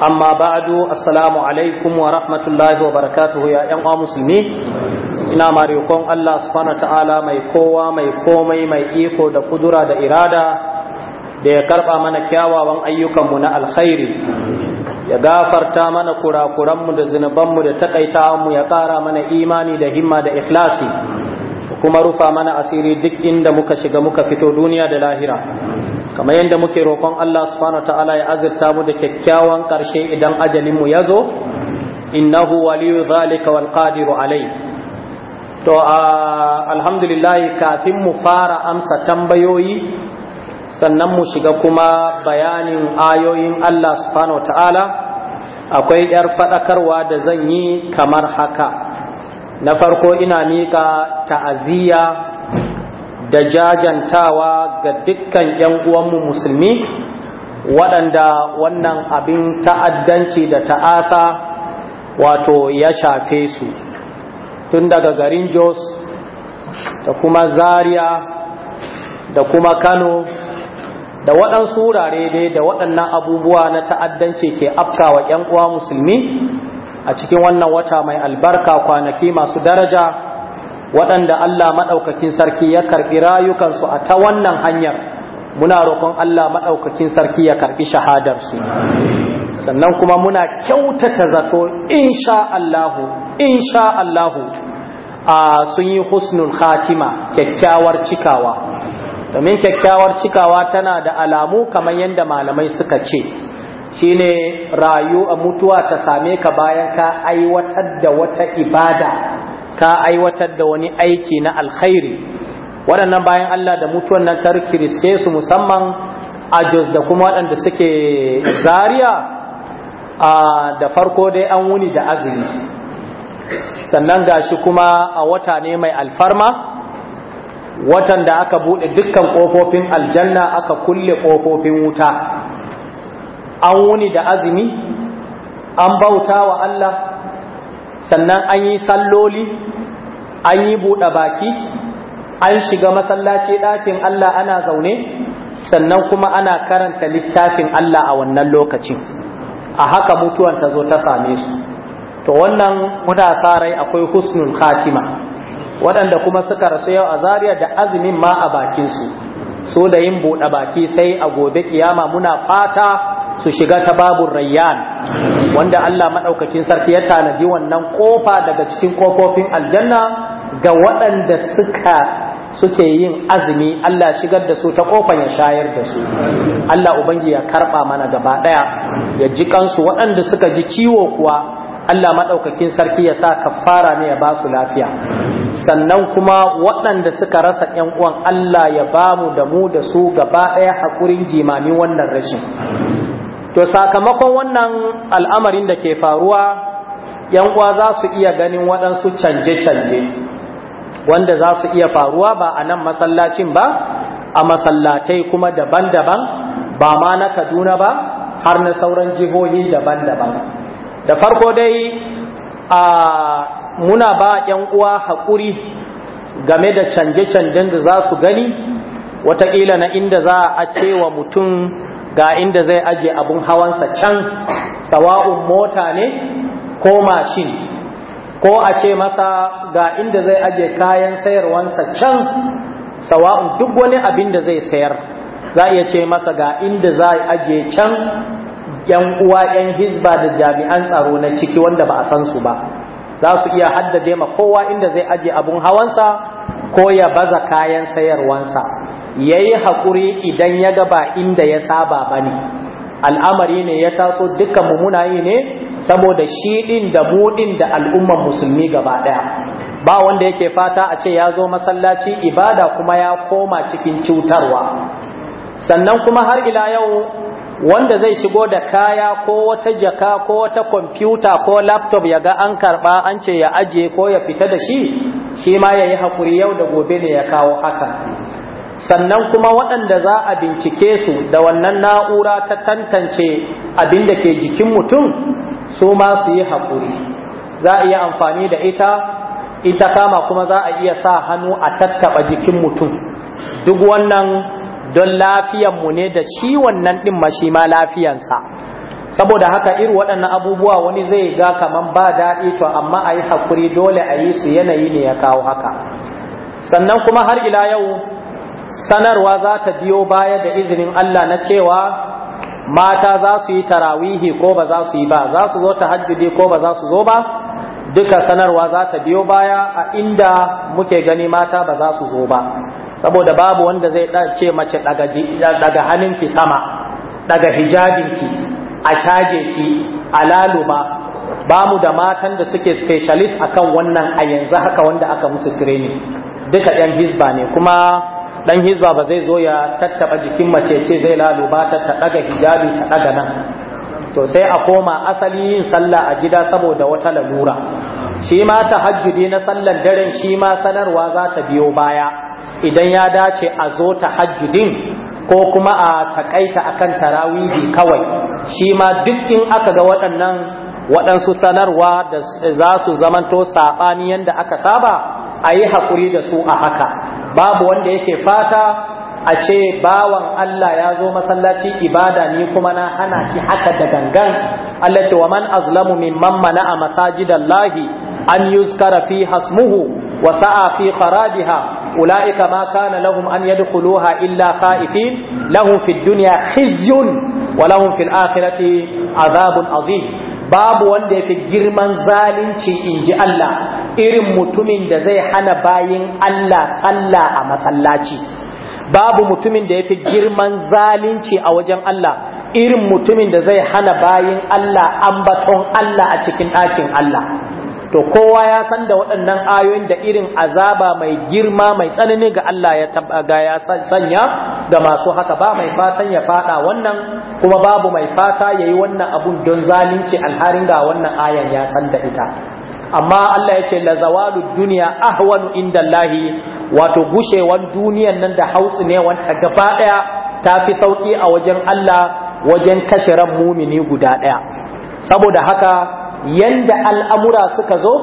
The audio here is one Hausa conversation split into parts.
amma ba'adu assalamu alaikum wa rahmatullahi wa barakatuhu ya yan musulmi ina marikon Allah subhanahu ta'ala mai kowa mai komai mai iko da kudura da irada da ya karba mana kyawawan ayyukanmu na alkhairi ya gafarta mana kurakuranmu da zunubanmu da takaitawanmu ya kara mana imani da himma da ikhlasi kuma rufa mana asiri duk inda muka shiga muka fito duniya da lahira kamar yadda muke roƙon Allah subhanahu ta'ala ya azurta mu da kyakkyawan ƙarshe idan ajalin mu yazo innahu waliyu zalika wal qadiru alai to alhamdulillah kafin mu fara amsa tambayoyi sannan mu shiga kuma bayanin ayoyin Allah subhanahu ta'ala akwai yar fadakarwa da zan yi kamar haka na farko ina miƙa ta'aziyya da jajantawa ga dukkan 'yan uwanmu musulmi waɗanda wannan abin ta'addanci da ta'asa wato ya shafe su tun daga garin jos da kuma zaria da kuma kano da waɗansu wurare dai da waɗannan abubuwa na ta'addanci ke afkawa 'yan uwa musulmi a cikin wannan wata mai albarka kwanaki masu daraja waɗanda Allah maɗaukakin sarki ya karɓi rayukansu a ta wannan hanyar muna roƙon Allah maɗaukakin sarki ya karɓi shahadarsu sannan kuma muna kyautata zato insha Allahu insha Allahu a sun yi husnul khatima kyakkyawar cikawa domin kyakkyawar cikawa tana da alamu kamar yadda malamai suka ce shine rayu a mutuwa ta same ka bayan ka aiwatar da wata ibada ka aiwatar da wani aiki na alkhairi waɗannan bayan Allah da mutuwan nan ta kiriste su musamman a jos da kuma waɗanda suke zariya da farko dai an wuni da azumi sannan ga shi kuma a wata ne mai alfarma watan da aka buɗe dukkan ƙofofin aljanna aka kulle ƙofofin wuta an wuni da azumi an bauta wa Allah sannan an yi salloli an yi buɗe baki an shiga masallaci ɗakin Allah ana zaune sannan kuma ana karanta littafin Allah a wannan lokacin a haka mutuwan ta zo ta same su to wannan muna sa rai akwai husnul khatima waɗanda kuma suka rasu yau a zariya da azumin ma a bakin su so da yin buɗe baki sai a gobe kiyama muna fata su shiga ta babu rayyan wanda Allah maɗaukakin sarki ya tanadi wannan ƙofa daga cikin ƙofofin aljanna ga waɗanda suka suke yin azumi Allah shigar da su ta ƙofan ya shayar da su Allah ubangi ya karɓa mana gaba ɗaya ya ji kansu waɗanda suka ji ciwo kuwa Allah maɗaukakin sarki ya sa kafara ne ya ba su lafiya sannan kuma waɗanda suka rasa ‘yan uwan Allah ya ba mu da mu da su gaba ɗaya haƙurin jimami wannan rashin to sakamakon wannan al'amarin da ke faruwa yan uwa za su iya ganin waɗansu canje-canje wanda za su iya faruwa ba a nan masallacin ba a masallatai kuma daban-daban ba ma na kaduna ba har na sauran jihohi daban-daban da farko dai a muna ba yan uwa haƙuri game da canje-canjen da za su gani wataƙila na inda za a cewa mutum ga inda zai aje abun hawansa can sawa'un mota ne ko mashin ko a ce masa ga inda zai aje kayan sayarwansa can sawa'un duk wani abin da zai sayar za iya ce masa ga inda za a aje can yan uwa yan hizba da jami'an tsaro na ciki wanda ba a san su ba za su iya haddade ma kowa inda zai aje abun hawansa ko ya baza kayan sayarwansa Yayi hakuri idan ya gaba inda ya saba ba ne al'amari ne ya taso dukkan mummuna yi ne saboda shi ɗin da buɗin da al'umman musulmi gaba ɗaya ba wanda yake fata a ce ya zo masallaci ibada kuma ya koma cikin cutarwa sannan kuma har ila yau wanda zai shigo da kaya ko wata jaka ko wata kwamfuta ko laptop ya ga an karɓa an ce ya ajiye ko ya fita da shi shi ma yayi hakuri yau da gobe ne ya kawo haka sannan kuma waɗanda za a bincike su da wannan na'ura ta tantance abin da ke jikin mutum su ma su yi haƙuri za a iya amfani da ita ita kama kuma za a iya sa hannu a tattaɓa jikin mutum duk wannan don mu ne da shi wannan ɗin ma shi ma lafiyansa saboda haka irin waɗannan abubuwa wani zai ga kaman ba daɗi to amma ayi hakuri dole a yi su yanayi ne ya kawo haka sannan kuma har ila yau sanarwa za ta biyo baya da izinin Allah na cewa mata za su yi tarawihi ko ba za su yi ba za su zo ta hajjidi ko ba za su zo ba duka sanarwa za ta biyo baya a inda muke gani mata ba za su zo ba saboda babu wanda zai ce mace daga hannunki sama daga hijabinki a caje ki a laluba ba mu da matan da suke specialist akan wannan a yanzu haka wanda aka musu training duka yan hisba ne kuma dan hizba ba zai zo ya tattaba jikin mace ce zai lalubata ta ta daga hijabi ta daga nan to sai a koma asali yin sallah a gida saboda wata lalura shi ma tahajjudi na sallar daren shi ma sanarwa za ta biyo baya idan ya dace a zo tahajjudin ko kuma a takaita akan tarawihi kawai shi ma duk in aka ga waɗannan waɗansu sanarwa da za su zamanto saɓani yadda aka saba a yi haƙuri da su a haka babu wanda yake fata a ce bawan Allah ya zo masallaci ibada ni kuma na hana ki haka da gangan Allah ce wa man azlamu mimman mana a masajidallahi an yuzkara fi hasmuhu wa sa'a fi kharajiha ulaika ma kana lahum an yadkhuluha illa khaifin lahum fid dunya khizyun wa lahum fil akhirati azabun azim babu wanda yafi girman zalunci in ji Allah irin mutumin da zai hana bayin Allah sallah a masallaci babu mutumin da yafi girman zalunci a wajen Allah irin mutumin da zai hana bayin Allah ambaton Allah a cikin ɗakin Allah to kowa ya san da waɗannan ayoyin da irin azaba mai girma mai tsanani ga Allah ya ga ya sanya ga masu haka ba mai fatan ya fada wannan kuma babu mai fata yayi wannan abun don zalunci alharin ga wannan ayan ya san da ita amma Allah ya ce la zawalu dunya ahwanu inda lahi wato gushewan duniyan nan da hausu ne wanda gaba daya tafi sauki a wajen Allah wajen kashe ran mumini guda daya saboda haka yanda al'amura suka zo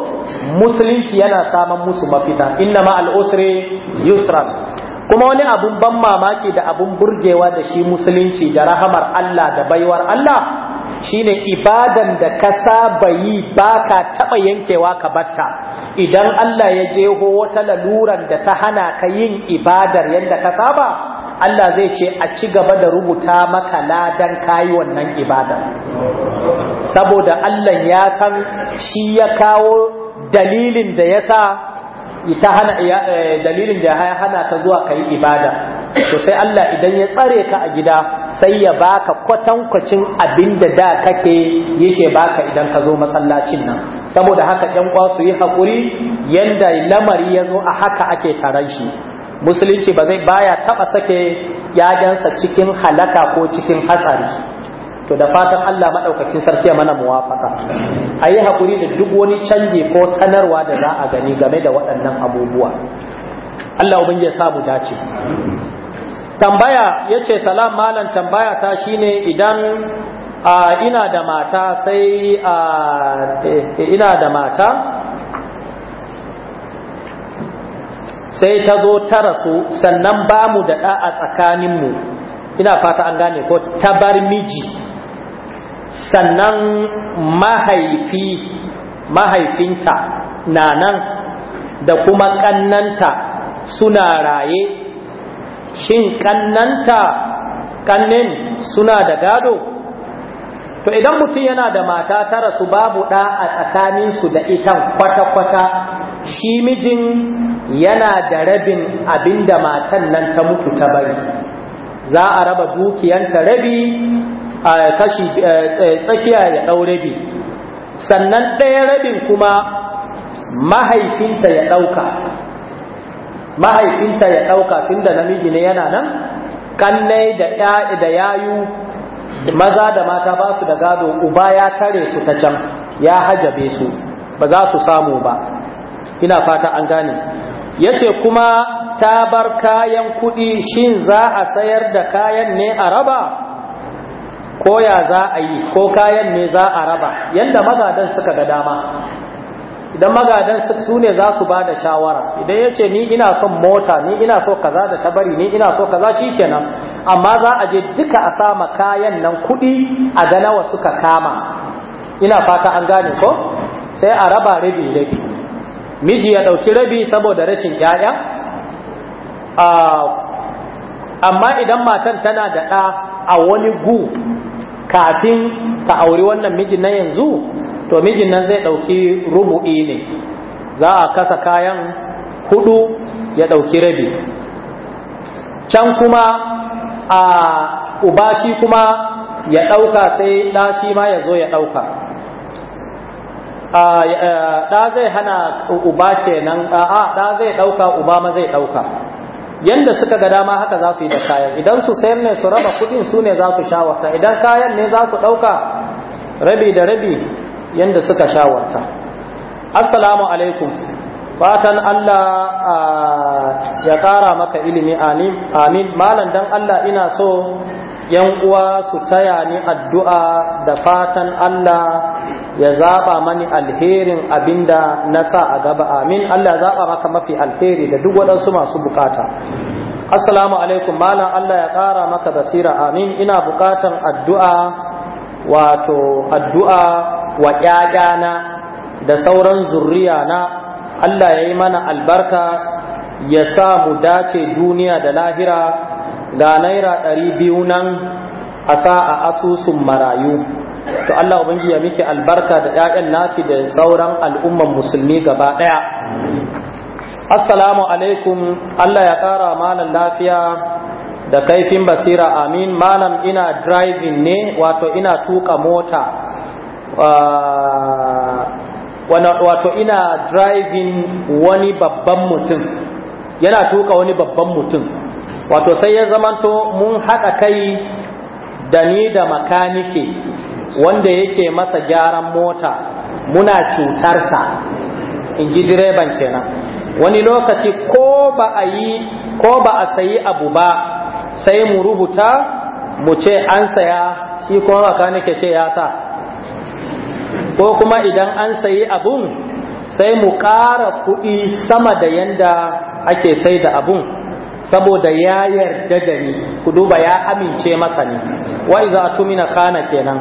musulunci yana saman musu mafita inna ma al'usri yusran kuma wani abun ban mamaki da abun burgewa da shi musulunci da rahamar Allah da baiwar Allah shine ibadan da ka saba yi baka taɓa yankewa ka batta idan Allah ya je ho wata laluran da ta hana ka yin ibadar yadda ka saba Allah zai ce a ci gaba da rubuta maka ladan kayi wannan ibadar saboda Allah ya san shi ya kawo dalilin da ya sa ita hana eh, dalilin da ya hana ka zuwa ka yi ibada to sai Allah idan ya tsare ka a gida sai ya baka kwatankwacin abin da da kake yake baka idan ka zo masallacin nan saboda haka ɗan kwa su yi hakuri, yanda lamari ya zo a haka ake taron shi musulunci ba zai baya taɓa sake yayansa cikin halaka ko cikin hatsari to da fatan Allah madaukakin sarki ya mana muwafaka ayi hakuri da duk wani canji ko sanarwa da za a gani game da waɗannan abubuwa Allah ubangiji ya sa mu dace tambaya yace salam malam tambaya ta shine idan ina da mata sai e, ina da mata sai ta zo ta rasu sannan ba mu da ɗa a tsakaninmu ina fata an gane ko tabar miji sannan mahaifi mahaifinta na nan da kuma kannanta suna raye shin kannanta kannin suna da gado to idan mutum yana da mata tara su babu ɗa a tsakaninsu da itan kwata-kwata shi mijin yana da rabin abinda matan nan ta mutu ta bari za a raba dukiyanta rabi kashi eh, eh, tsakiya ya ɗau rabi sannan ɗaya rabin kuma mahaifinta ya ɗauka mahaifinta ya ɗauka tun da namiji ne yana nan kanne da ya'i da yayu maza da mata ba su da gado uba ya tare su ta can ya hajabe su ba za su samu ba ina fata an gane yace kuma ta bar kayan kuɗi shin za a sayar da kayan ne a raba ko ya za a yi ko kayan ne za a raba yadda magadan suka ga dama idan magadan su ne za su ba da shawara idan ya ce ni ina son mota ni ina so kaza da tabari ni ina so kaza shi kenan amma za a je duka a sama kayan nan kuɗi a ga nawa suka kama ina fata an gane ko sai a raba rabi rabi miji ya ɗauki rabi saboda rashin ‘ya'ya ah, amma idan matan tana da ɗa a wani gu kafin ka auri wannan mijin na yanzu to mijin nan zai ɗauki rubu'i ne za a kasa kayan hudu ya ɗauki rabi can kuma a uba kuma ya ɗauka sai ɗa shi ma ya zo ya ɗauka ɗa zai hana uba kenan a ɗa zai ɗauka uba ma zai ɗauka yanda suka ga dama haka za su yi da kayan idan su sayar ne su raba kudin su ne za su shawarta idan kayan ne za su ɗauka rabi da rabi yanda suka shawarta assalamu alaikum fatan Allah ya ƙara maka ilimi amin malam dan Allah ina so yan uwa su taya ni addu'a da fatan Allah ya zaba mani alherin abinda na sa a gaba amin Allah ya zaba maka mafi alheri da duk waɗansu masu bukata assalamu alaikum malam Allah ya ƙara maka basira amin ina bukatan addu'a wato addu'a wa ƴaƴana da sauran zurriya na Allah ya yi mana albarka ya sa mu dace duniya da lahira ga naira ɗari biyu nan a sa a asusun marayu to Allah ubangiji ya miki albarka da ƴaƴan naki da sauran al'umman musulmi gaba ɗaya assalamu alaikum Allah ya ƙara malam lafiya da kaifin basira amin malam ina driving ne wato ina tuka mota ah, wato ina driving wani babban mutum yana tuka wani babban mutum wato sai ya zamanto mun haɗa kai da ni da makanike wanda yake masa gyaran mota muna cutarsa in ji direban kenan wani lokaci ko ba a yi ko ba a sayi abu ba sai mu rubuta mu ce an saya shi kuma nake ce ya sa ko kuma idan an sayi abun sai mu ƙara kuɗi sama da yanda ake sai da abun saboda ya yarda da ni ku duba ya amince masa ne wa iza tumina khana kenan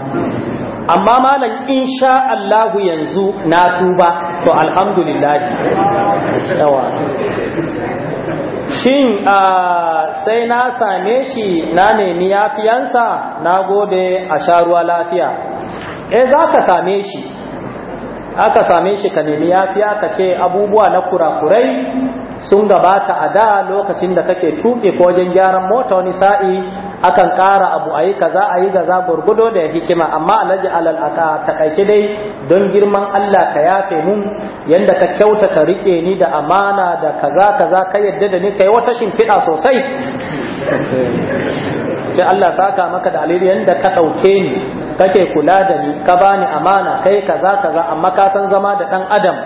amma malam insha Allah yanzu na tuba to alhamdulillah yawa shin sai na same shi na nemi yafiyansa na gode a sha ruwa lafiya eh za ka same shi aka same shi ka nemi yafiya ka ce abubuwa na kurakurai sun gabata a da lokacin da kake tuƙe ko wajen gyaran mota wani sa'i akan ƙara abu a yi kaza a yi gaza gurgudo da hikima amma alaji alal aka takaice dai don girman Allah ka yafe mun yanda ka kyauta ka rike ni da amana da kaza kaza ka yadda da ni kai wata shimfiɗa sosai sai Allah saka maka da alheri yanda ka ɗauke ni kake kula da ni ka bani amana kai kaza kaza amma ka san zama da ɗan adam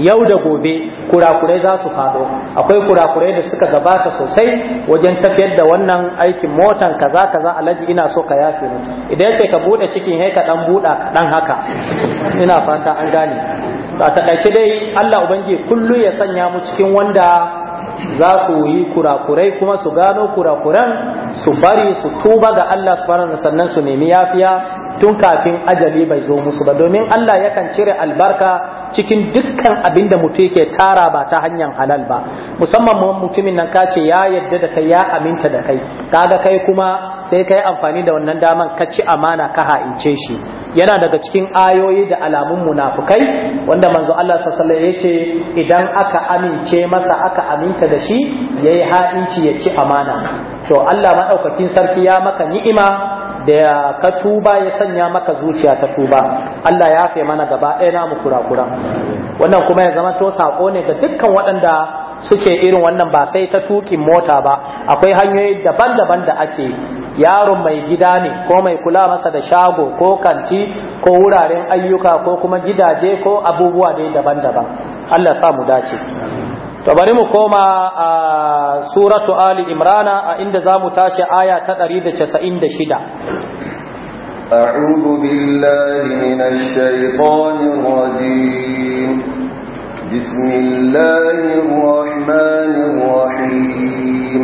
yau da gobe kurakurai za su faɗo akwai kurakurai da suka gabata sosai wajen tafiyar da wannan aikin motan kaza kaza alaji ina so ka yafe ni idan ya ce ka bude cikin haika dan buda dan haka ina fata an gane a takaice dai Allah ubangiji kullu ya sanya mu cikin wanda za su yi kurakurai kuma su gano kurakuran su bari su tuba ga Allah subhanahu sannan su nemi yafiya tun kafin ajali bai zo musu ba domin Allah yakan cire albarka cikin dukkan abin da mutum yake tara ba ta hanyar halal ba musamman mutumin nan kace ya yadda da kai ya aminta da kai kaga kai kuma sai kai amfani da wannan daman ka ci amana ka ha'ince shi yana daga cikin ayoyi da alamun munafukai wanda manzo Allah sallallahu alaihi yace idan aka amince masa aka aminta da shi yayi ha'inci ya ci amana to Allah madaukakin sarki ya maka ni'ima da ya ka tuba ya sanya maka zuciya ta tuba Allah ya fi mana gaba ɗaya na mu kura-kura wannan kuma ya zama to sako ne ga dukkan waɗanda suke irin wannan ba sai ta tukin mota ba akwai hanyoyi daban-daban da ake yaron mai gida ne ko mai kula masa da shago ko kanti ko wuraren ayyuka ko kuma gidaje ko abubuwa dai daban-daban Allah sa mu dace to bari mu koma a suratu ali imrana a inda za mu tashi aya ta 196 أعوذ بالله من الشيطان الرجيم بسم الله الرحمن الرحيم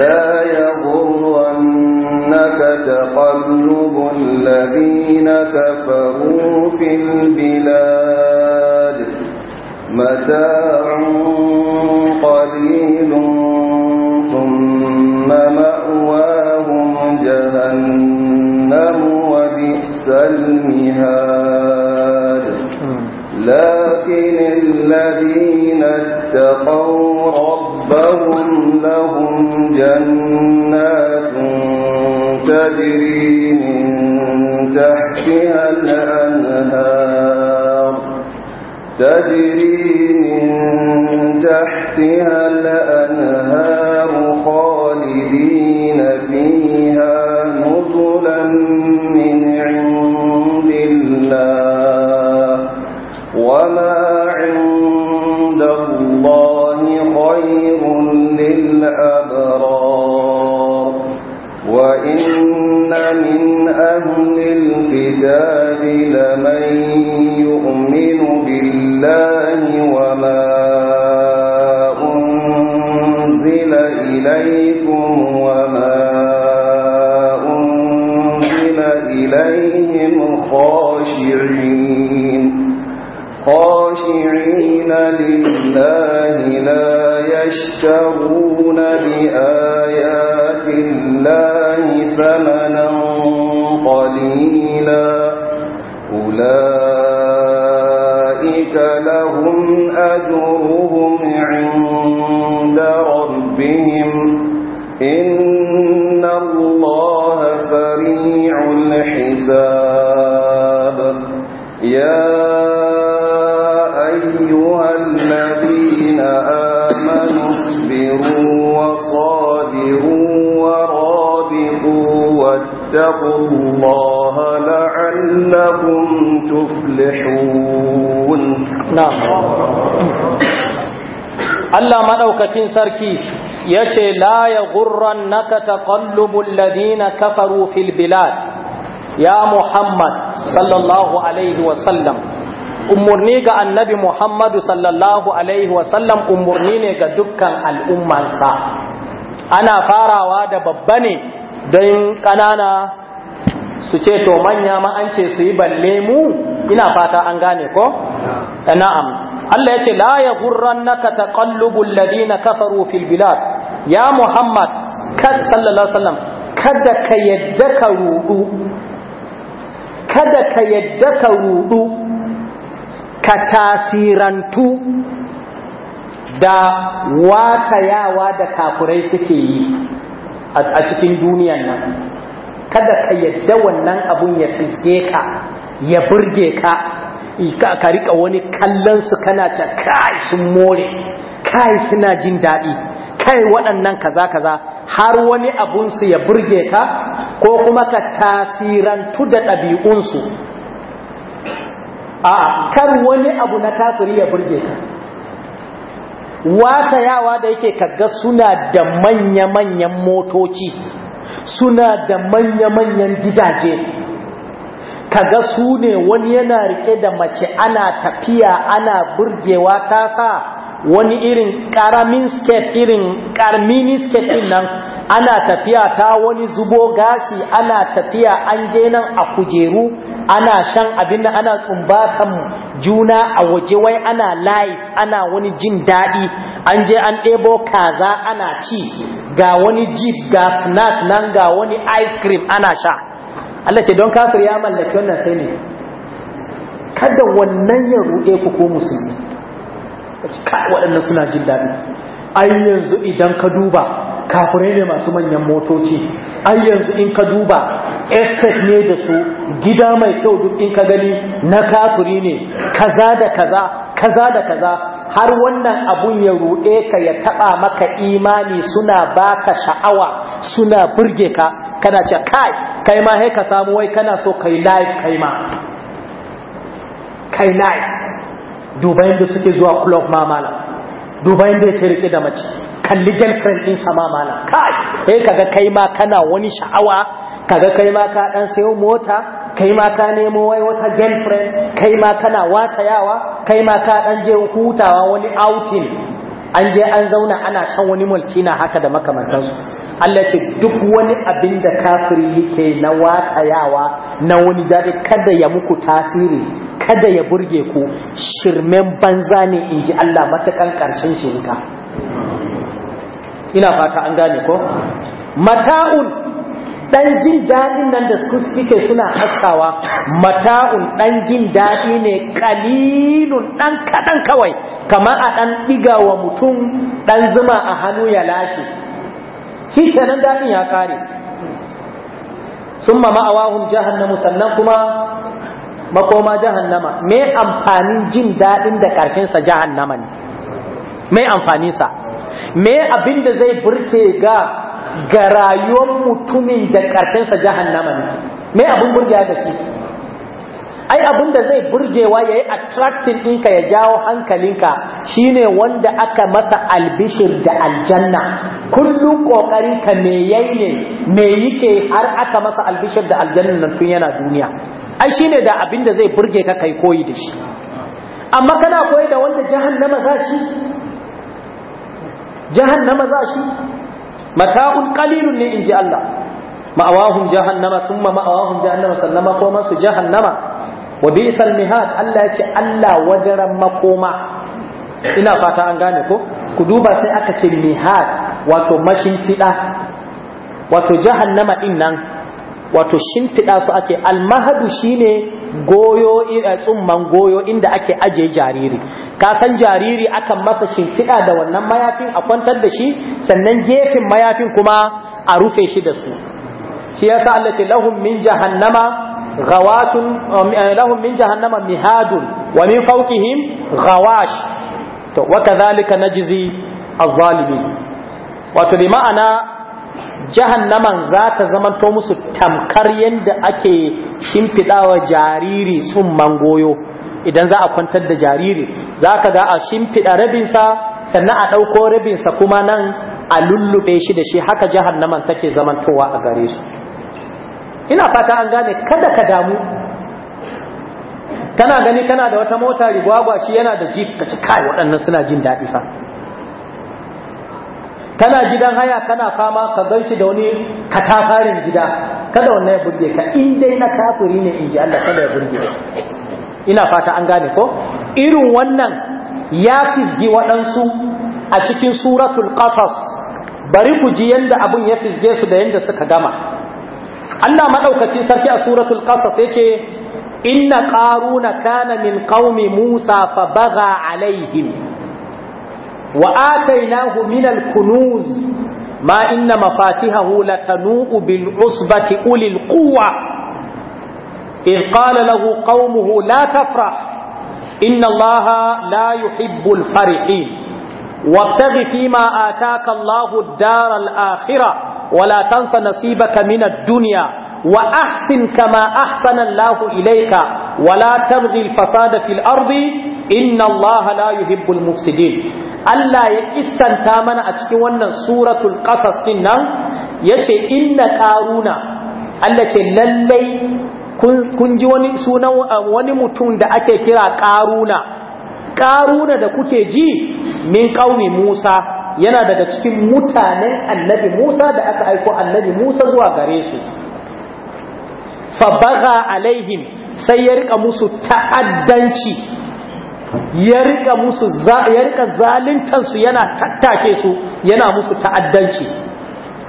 لا يغرنك تقلب الذين كفروا في البلاد متاع قليل ثم مأواهم جهنم وبئس المهاد لكن الذين اتقوا ربهم لهم جنات تجري من تحت تجري من تحتها الأنهار خالدين فيها نزلا من عند الله وما عند الله خير للأبرار وإن من أهل الكتاب الله لا يشترون بآيات الله ثمنا قليلا أولئك لهم أجرهم عند ربهم إن واتقوا الله لعلكم تفلحون نعم الله مدوكتين سركي يتي لا يغرنك تقلب الذين كفروا في البلاد يا محمد صلى الله عليه وسلم umurni ga annabi Muhammadu sallallahu alaihi wasallam umurni ne ga dukkan al'ummansa ana farawa da babba ne don ƙanana su ce to manya ma an ce su yi balle mu ina fata an gane ko na'am Allah ya ce la ya gurrannaka taqallubul ladina kafaru fil bilad ya Muhammad ka sallallahu alaihi wasallam kada ka yadda ka rudu kada ka yadda ka rudu ka tasirantu da watayawa da kafurai suke yi a cikin duniyan nan kada ka yadda wannan abun ya fiske ka ya burge ka ka rika wani kallon su kana ta kai sun more kai suna jin daɗi kai waɗannan kaza kaza har wani abun su ya burge ka ko kuma ka tasirantu da ɗabi'unsu a kar wani abu na tasiri ya burge ka watayawa da yake kaga suna da manya-manyan motoci suna da manya-manyan gidaje kaga su ne wani yana rike da mace ana tafiya ana burgewa ta sa wani irin karamin skate irin karmini skate nan ana tafiya ta wani zubo gashi ana tafiya an je nan a kujeru ana shan abin da ana tsumbatan juna a waje wai ana live ana wani jin daɗi an je an ɗebo kaza ana ci ga wani jeep ga snack nan ga wani ice cream ana sha Allah ce don kafir ya mallaki wannan sai ne kada wannan ya ruɗe ku ko musulmi waɗannan suna jin daɗi ai yanzu idan ka duba kafirai ne masu manyan motoci ai yanzu in ka duba estate ne da su gida mai kyau duk in ka gani na kafiri ne kaza da kaza kaza da kaza har wannan abun ya ruɗe ka ya taɓa maka imani suna baka sha'awa suna burge ka kana ce kai kai ma ka samu wai kana so kai live kai ma kai live duba yadda suke zuwa club ma malam duba yadda ya rike da mace kalli girlfriend din sama mana kai eh kaga kai ma kana wani sha'awa kaga kai ma ka dan sayo mota kai ma ka nemo wai wata girlfriend kai ma kana watayawa kai ma ka dan je hutawa wani outing an je an zauna ana kan wani mulki na haka da makamantansu Allah ce duk wani abin da kafiri yake na watsayawa na wani dare kada ya muku tasiri kada ya burge ku shirmen banza ne in ji Allah matakan ƙarshen shirka. ina fata an gane ko mata'un dan jin daɗin nan da suke suna haskawa mata'un dan jin daɗi ne kalilun dan kaɗan kawai kamar a dan ɗiga wa mutum dan zuma a hannu ya lashe shi kenan daɗin ya ƙare summa ma'awahum jahannama sannan kuma makoma jahannama me amfanin jin daɗin da ƙarfinsa jahannama ne me amfaninsa me abin da zai burke ga ga rayuwar mutumi da ƙarshensa jahannama ne me abin burgewa da shi ai abin da zai burgewa ya yi attracting ɗinka ya jawo hankalinka shine wanda aka masa albishir da aljanna kullum ƙoƙari ka me yayi ne me yake har aka masa albishir da aljanna nan tun yana duniya ai shine da abin da zai burge ka kai koyi da shi amma kana koyi da wanda jahannama za shi jahannama za shi mata'un qalilun ne inji Allah ma'awahum jahannama thumma ma'awahum jahannama sallama ko su jahannama wa bi'sal mihad Allah ya ce Allah wadaran makoma ina fata an gane ko ku duba sai aka ce mihad wato mashimfiɗa wato jahannama din nan wato shimfiɗa su ake almahadu shine goyo eh, tsumman goyo inda ake ajiye jariri ka san jariri akan masa shimfiɗa da wannan mayafin a kwantar da shi sannan gefen mayafin kuma a rufe shi da su shi sa Allah ce lahum min jahannama ghawatun eh, lahum min jahannama mihadun wa min fawqihim ghawash to wa kadhalika najzi az-zalimin wato bi ma'ana jahannaman za ta zamanto musu tamkar yadda ake shimfiɗawa jariri sun goyo idan za a kwantar da jariri za ka ga a shimfiɗa rabinsa sannan a ɗauko rabinsa kuma nan a lullube shi da shi haka jahannaman take zamantowa a gare su ina fata an gane kada ka damu kana gani kana da wata mota rigwagwa shi yana da jeep ka ci waɗannan suna jin daɗi fa kana gidan haya kana fama ka gan shi da wani katafarin gida kada wannan ya burge ka in dai na kafiri ne in ji Allah kada ya burge ka ina fata an gane ko irin wannan ya fizgi waɗansu a cikin suratul qasas bari ku ji yanda abun ya fizge su da yanda suka gama Allah madaukakin sarki a suratul qasas yace inna qaruna kana min qaumi musa fa baga alaihim wa atainahu min al-kunuz ma inna hula latanu'u bil usbati ulil quwwa in qala lahu qaumuhu la tafrah inna allaha la yuhibbu al-farihin wabtaghi fima ataaka allahu dara al-akhirah wa la tansa nasibaka min ad-dunya wa ahsin kama ahsana allahu ilayka wa la tabghi fasada fil ardi inna allaha la yuhibbu al-mufsidin Allah ya kissanta mana a cikin wannan suratul qasas din nan yace inna qaruna Allah ce lallai kun ji wani sunan wani mutum da ake kira qaruna qaruna da kuke ji min qaumi Musa yana daga cikin mutanen annabi Musa da aka aiko annabi Musa zuwa gare su fa baga alaihim sai ya rika musu ta'addanci ya rika musu su yana tattake su yana musu ta'addanci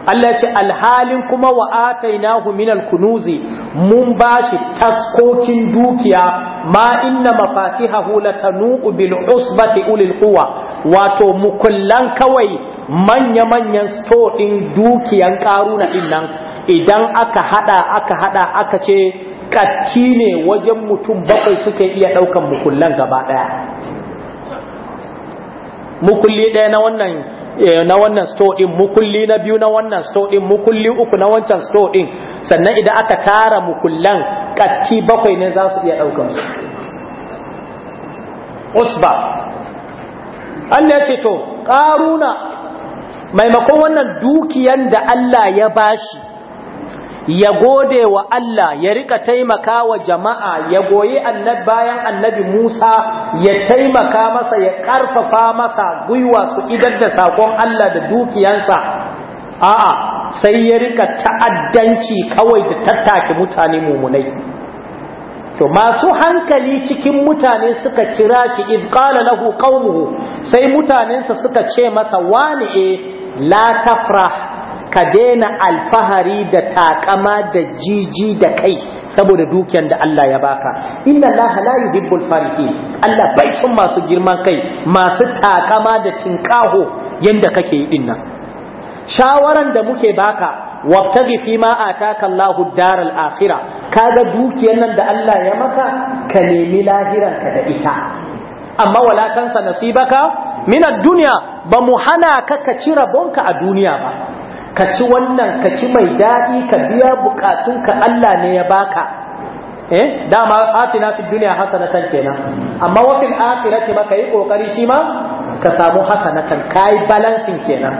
Allah ce alhalin kuma wa atainahu minal kunuzi mun bashi taskokin dukiya ma inna mafatihahu latanu bil usbati ulil quwa wato mukullan kawai manya manyan store din dukiyan karuna din nan idan aka hada aka hada aka ce kakki ne wajen mutum bakwai suka iya ɗaukan mukullan gaba daya mukulli ɗaya na wannan eh, na wannan store din mukulli na biyu na wannan store din mukulli uku na wancan store din sannan idan aka tara mukullan kakki bakwai ne za su iya ɗaukan su usba Allah ya ce to ƙaruna maimakon wannan dukiyan da Allah ya bashi ya gode wa Allah ya rika taimaka wa jama'a ya goyi annab bayan annabi Musa ya taimaka masa ya karfafa masa gwiwa su idar da sakon Allah da dukiyansa a'a sai ya rika ta'addanci kawai da tattake mutane mumunai to masu hankali cikin mutane suka kira shi id qala lahu qaumuhu sai mutanensa suka ce masa wani e eh, la tafrah ka daina alfahari da takama da jiji da kai saboda dukiyar da Allah ya baka inna Allah la yuhibbul farihin Allah bai son masu girman kai masu takama da tinkaho yanda kake yi dinnan shawaran da muke baka wabtaghi fima ataka Allahu daral akhirah kaga dukiyar nan da Allah ya maka ka nemi lahiran ka da ita amma wala nasibaka min duniya dunya ba mu hana ka ka cire rabonka a duniya ba ka ci wannan ka ci mai daɗi ka biya ka Allah ne ya baka eh dama atina fi duniya hasanatan kenan amma wa fil akhirati ma kai kokari shi ma ka samu hasanatan kai balancing kenan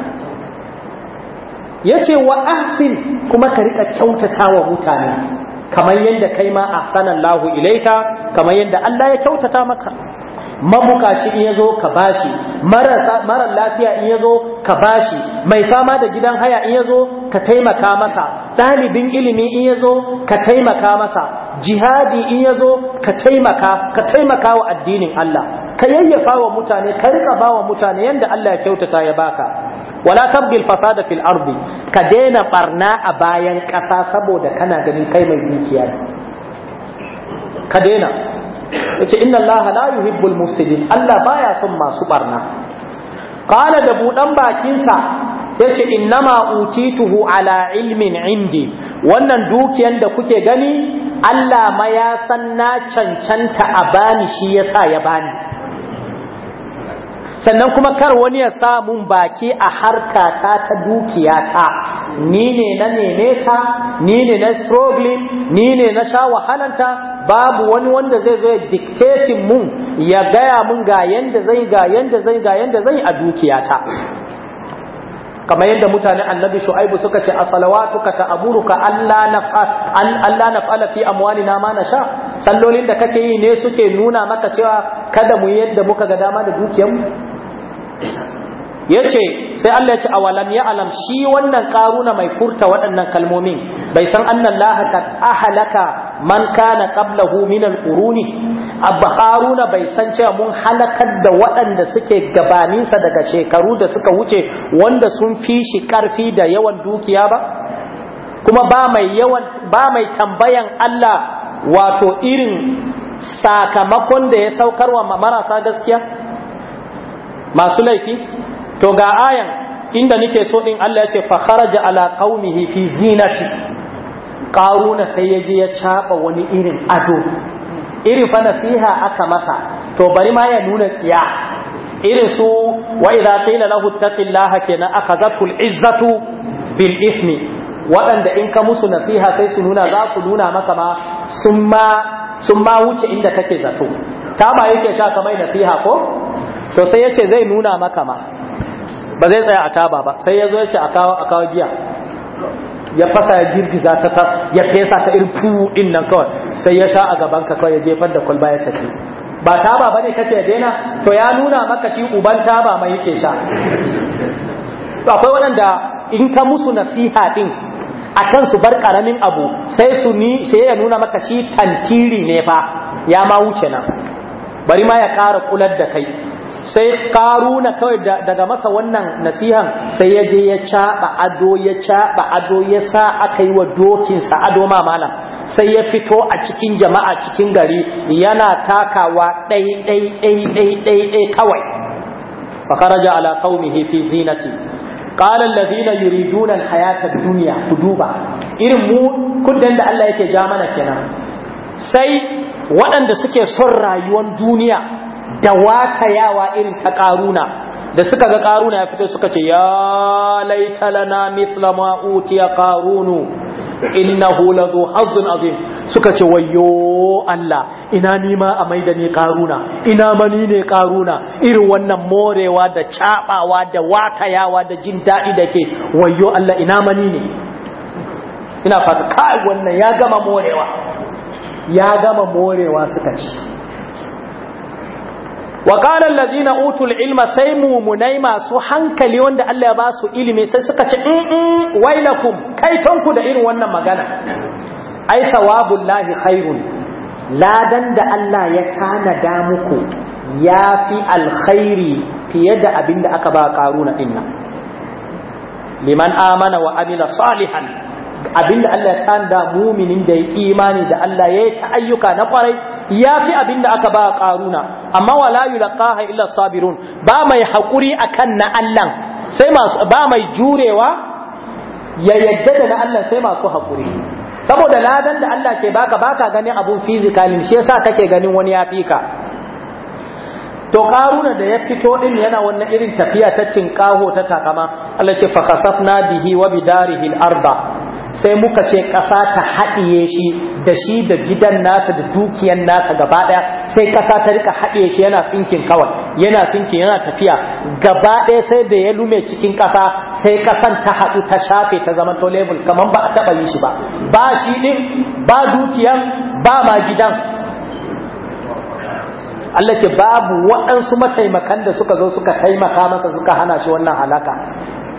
yace wa ahsin kuma ka rika kyautata wa mutane kamar yadda kai ma ahsanallahu ilaika kamar yadda Allah ya kyautata maka mabukaci in yazo ka bashi mara lafiya in yazo ka bashi mai fama da gidan haya in yazo ka taimaka masa ɗalibin ilimi in yazo ka taimaka masa jihadi in yazo ka taimaka ka taimaka wa addinin Allah ka yayyafa wa mutane ka rika ba wa mutane yanda Allah ya kyautata ya baka wala tabgil fasada fil ardi ka daina barna a bayan ƙasa saboda kana ganin kai mai dukiya ka daina yace inna allaha la yuhibbul mufsidin allah baya son masu barna qala da budan bakinsa yace inna ma utituhu ala ilmin indi wannan dukiyan da kuke gani Allah ma ya san na cancanta a bani shi yasa ya bani sannan kuma kar wani ya samun baki a harkata ta dukiyata, dukiya ta ni ne na nene ni ne na struggling ni ne na sha wahalanta babu wani wanda zai zo ya dictating mun ya gaya mun ga yanda zai ga yanda zai ga yanda zai a dukiyata kamar yadda mutane annabi shu'aibu suka ce a ka ta'amuruka Allah a fi nama na sha? sallolin da kake yi ne suke nuna maka cewa kada mu yadda muka ga dama da dukiyarmu yace sai Allah ya ce awalam ya alam shi wannan karuna mai furta waɗannan kalmomin bai san annan lahaka ahalaka man kana qablahu min al-quruni abba haruna bai san cewa mun halakar da waɗanda suke gabaninsa daga shekaru da suka wuce wanda sun fi shi karfi da yawan dukiya ba kuma ba mai yawan ba mai tambayan Allah wato irin sakamakon da ya saukarwa marasa gaskiya masu laifi to ga ayan inda nake so din Allah ya ce fa kharaja ala qaumihi fi zinati ƙaruna sai ya je ya caɓa wani irin ado irin fa nasiha aka masa to bari ma ya nuna tsiya irin su wa idza qila lahu taqillaha kana akhazathu izzatu bil ismi waɗanda in ka musu nasiha sai su nuna za su nuna maka ma sun ma wuce inda kake zato ta ba yake sha ka mai nasiha ko to sai yace zai nuna maka ma ba zai tsaya a taba ba sai yazo yace a kawo a kawo giya ya fasa ya girgiza ta ta ya fesa ta irin fu din nan kawai sai ya sha a gaban ka kawai ya jefar da kwalba ya tafi ba taba bane kace ya daina to ya nuna maka shi uban taba mai yake sha to akwai waɗanda in ka musu nasiha din akan su bar karamin abu sai su ni sai ya nuna maka shi tantiri ne fa ya ma wuce nan bari ma ya kara kular da kai sai karuna kawai daga masa wannan nasihan sai ya je ya caba ado ya caba ado ya sa aka yi wa dokinsa ado malam sai ya fito a cikin jama'a cikin gari yana takawa ɗai ɗai ɗai ɗai ɗai ɗai kawai fakaraja ala qaumihi fi zinati qala alladhina yuriduna alhayata ad-dunya kuduba irin mu kudin da Allah yake ja mana kenan sai waɗanda suke son rayuwar duniya da watayawa irin ta ƙaruna, da suka ga karuna ya fito suka ce ya laita lana mithla ma utiya qarunu innahu ladhu hazzun azim suka ce wayyo Allah ina nima a maida ne karuna ina mani ne karuna irin wannan morewa da cabawa da watayawa da jin dadi dake wayyo Allah ina mani ne ina fata kai wannan ya gama morewa ya gama morewa suka ce wa lazina allazina utul ilma sai mumunai masu hankali wanda Allah ya ba su ilimi sai suka ce in mm, mm, wailakum kai da irin wannan magana ai thawabullahi khairun ladan da Allah ya tanada muku fi alkhairi fiye da abinda aka ba karuna dinnan liman amana wa Amina salihan abinda Allah ya tanda muminin da ya imani da Allah ya yi ta ayyuka na kwarai ya fi abin da aka ba karuna amma wala yulqaha illa sabirun ba mai haƙuri akan na Allah sai masu ba mai jurewa ya yadda da na Allah sai masu haƙuri saboda ladan da Allah ke baka baka ganin abun physically shi yasa kake ganin wani yafi ka to karuna da ya fito din yana wannan irin tafiya ta cinkaho ta takama Allah ce fa kasafna bihi wa bidarihi al-arda sai muka ce ƙasa ta haɗiye shi da shi da gidan nasa da dukiyan nasa gaba ɗaya sai ƙasa ta rika haɗiye shi yana tsinkin kawai yana tsinkin yana tafiya gaba ɗaya sai da ya lume cikin ƙasa sai ƙasan ta haɗu ta shafe ta zama to lebul kamar ba a taɓa yi shi ba ba shi ɗin ba dukiyan ba ma gidan Allah ce babu waɗansu mataimakan da suka zo suka taimaka masa suka hana shi wannan halaka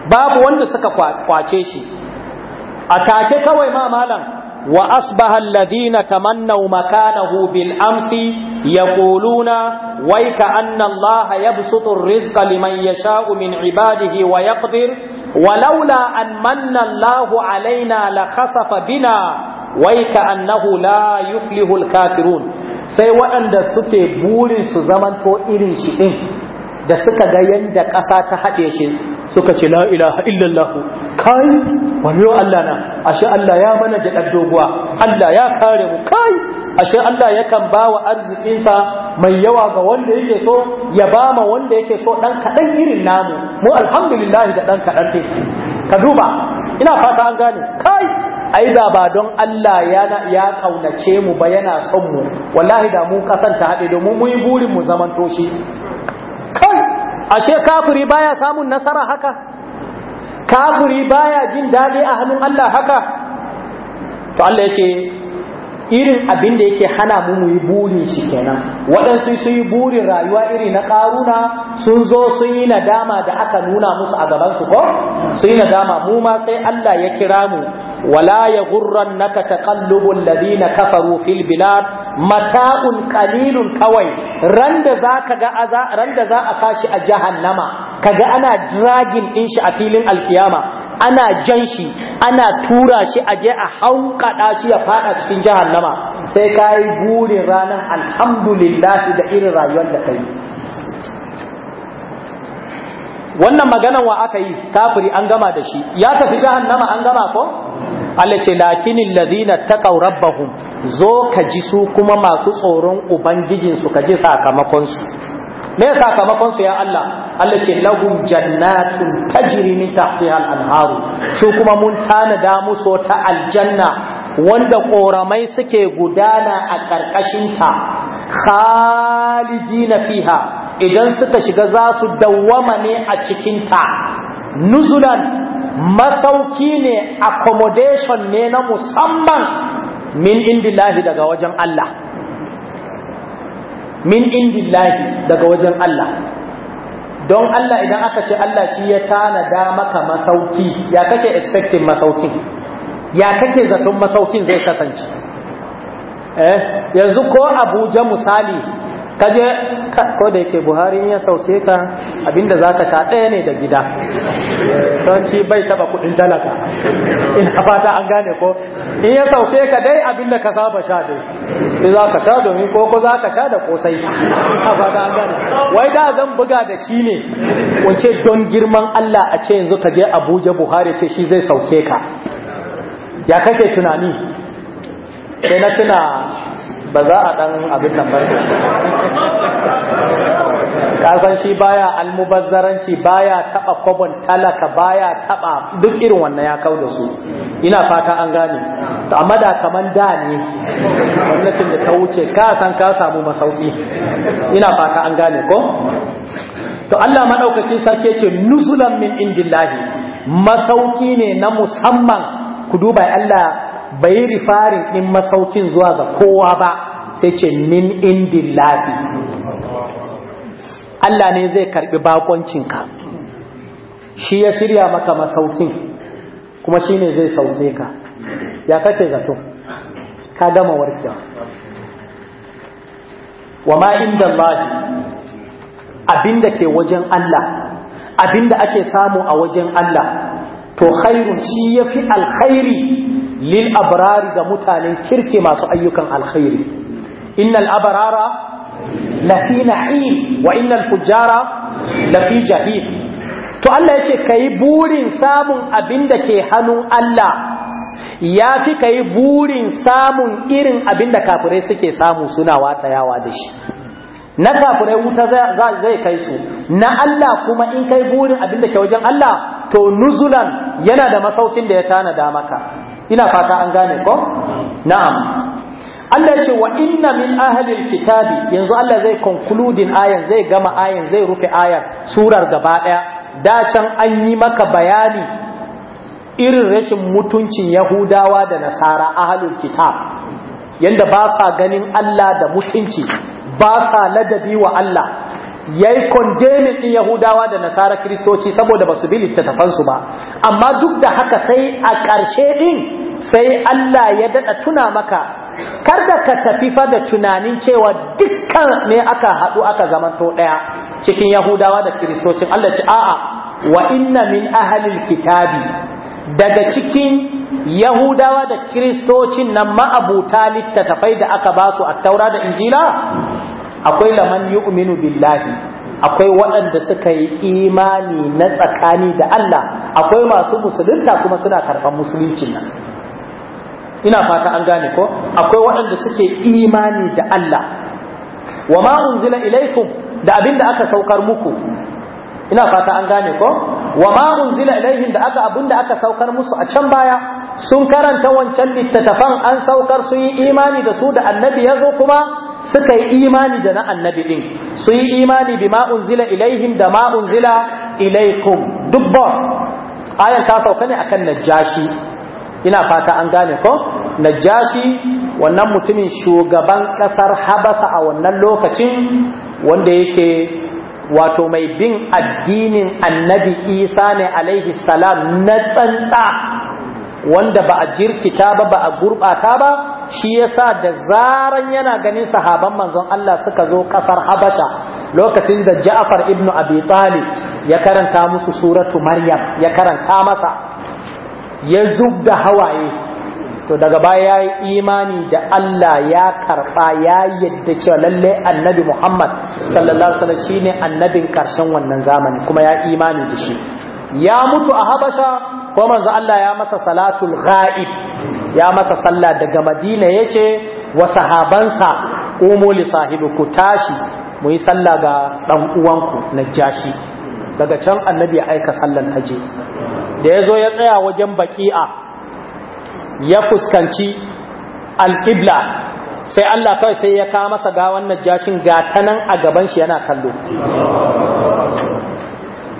babu wanda suka kwace shi a take kawai ma malam wa asbaha alladhina tamannaw makanahu bil amsi yaquluna wai ka anna Allah yabsutu ar-rizqa liman yasha'u min ibadihi wa yaqdir walaula an manna Allahu alaina la khasafa bina wai ka annahu la yuflihu al-kafirun sai waɗanda suke burin su zamanto irin shi din da suka ga yanda ƙasa ta haɗe shi suka ce la ilaha illallah wani yau Allah na ashe Allah ya mana da doguwa Allah ya kare mu kai ashe Allah yakan bawa arzikinsa mai yawa ga wanda yake so ya bama wanda yake so dan kaɗan irin namu mu alhamdulillah da dan kaɗan ne ka duba ina fata an gane kai ai da ba don Allah ya ya kaunace mu ba yana son mu wallahi da mu kasanta haɗe domin mu yi burin mu zamanto shi ashe kafiri baya samun nasara haka kafiri baya jin daɗi a hannun Allah haka to Allah yake irin abin da yake hana mu muyi burin shi kenan waɗansu sun yi burin rayuwa iri na ƙaruna sun zo sun yi nadama da aka nuna musu a gabansu ko sun yi nadama mu ma sai Allah ya kira mu wala ya gurran naka taqallubul ladina kafaru fil bilad mata'un qalilun kawai ran da za ka ga ran da za a sashi a jahannama kaga ana dragging din shi a filin alkiyama ana jan shi ana tura shi a je a hankada shi ya fada cikin jahannama sai kai burin ranan alhamdulillah da irin rayuwar da kai wannan maganan wa aka yi kafiri an gama da shi ya tafi jahannama an gama ko Allah ce lakinin ladina taqaw rabbahum zo ka ji su kuma masu tsoron ubangijinsu ka ji sakamakonsu me sakamakonsu ya Allah Allah ce lahum jannatun tajri min tahtiha al anhar su kuma mun tanada musu ta aljanna wanda koramai suke gudana a karkashin ta khalidina fiha idan suka shiga za su dawwama ne a cikin ta nuzulan masauki ne accommodation ne na musamman min indillahi daga wajen Allah min indillahi daga wajen Allah don Allah idan aka ce Allah shi ya tanada maka masauki ya kake expecting masaukin ya kake zaton masaukin zai kasance eh yanzu ko Abuja misali kaje ko da yake buhari ya sauke ka abinda za ka sha ɗaya ne da gida ci bai taba kudin talaka ina fata an gane ko in ya sauke ka dai abinda ka saba sha dai sai za ka sha domin ko ko za ka sha da kosai fata an gane wai da zan buga da shi ne wace don girman allah a ce yanzu ka je abuja buhari ce shi zai sauke ka ya kake tunani sai na tuna ba za a dan abin nan ba kasan shi baya almubazzaranci baya taba kwabon talaka baya taba duk irin wannan ya kau da su ina fata an gane amma da kaman da ne gwamnatin da ta wuce ka san ka samu masauki ina fata an gane ko to Allah madaukakin sarki ce nusulan min indillahi masauki ne na musamman ku duba Allah bai yi rifarin ɗin masaukin zuwa ga kowa ba sai ce min lafi Allah ne zai karɓi bakoncinka shi ya shirya maka masaukin kuma shi ne zai sauke ka ya kake zato ka gama warke wa ma inda abinda ke wajen Allah abinda ake samu a wajen Allah to khairun shi yafi alkhairi lil abrari ga mutane kirki masu ayyukan alkhairi innal abrara lafi na'im wa innal fujjara lafi jahim to Allah yace kai burin samun abin da ke hannun Allah ya fi kai burin samun irin abin da kafirai suke samu suna watayawa da shi na kafirai wuta zai kai su na Allah kuma in kai burin abin da ke wajen Allah to nuzulan yana da masaukin da ya tanada maka ina fata an gane ko na'am Allah ce wa inna min ahlil kitabi yanzu Allah zai concluding ayan zai gama ayan zai rufe ayan surar gaba daya da can an yi maka bayani irin rashin mutuncin Yahudawa da Nasara ahlul kitab yanda ba sa ganin Allah da mutunci ba sa ladabi wa Allah Yayi yi kondemin ɗin yahudawa da nasara kiristoci saboda basu su bi littattafansu ba amma duk da haka sai a ƙarshe ɗin sai allah ya daɗa tuna maka kar da ka tafi fa da tunanin cewa dukkan ne aka haɗu aka zamanto ɗaya cikin yahudawa da kiristocin allah ci a'a wa inna min ahalil kitabi daga cikin Yahudawa da Kiristocin nan ma'abuta littattafai da aka basu su a taura da injila akwai laman yu'minu billahi akwai waɗanda suka yi imani na tsakani da Allah akwai masu musulunta kuma suna karɓar musuluncin nan ina fata an gane ko akwai waɗanda suke imani da Allah wa ma unzila ilaikum da abin da aka saukar muku ina fata an gane ko wa ma unzila ilaihim da aka abin da aka saukar musu a can baya sun karanta wancan littattafan an saukar su yi imani da su da annabi ya zo kuma suka yi imani da na annabi din su yi imani bi ma ilaihim da ma ilaikum duk boss ayan ta sauka ne akan najashi ina fata an gane ko najashi wannan mutumin shugaban kasar habasa a wannan lokacin wanda yake wato mai bin addinin annabi isa ne alaihi salam na tsantsa wanda ba a jirkita ba ba a gurɓata ba shi yasa da zaran yana ganin sahaban manzon Allah suka zo kasar Habasha lokacin da Ja'far ibn Abi Talib ya karanta musu suratu Maryam ya karanta masa ya zubda da hawaye to daga baya ya yi imani da Allah ya karba ya yadda cewa lalle annabi Muhammad sallallahu alaihi wasallam shine annabin karshen wannan zamani kuma ya imani da shi ya mutu a Habasha ko manzo Allah ya masa salatul ghaib ya masa sallah daga madina ya ce wa sahabansa ƙomo lissahibu ku tashi mu yi sallah ga ɗan uwanku na jashi daga can annabi aika sallan haji da ya zo ya tsaya wajen baki'a ya fuskanci alƙibla sai Allah kawai sai ya kawo masa gawan ta nan a gaban shi yana kallo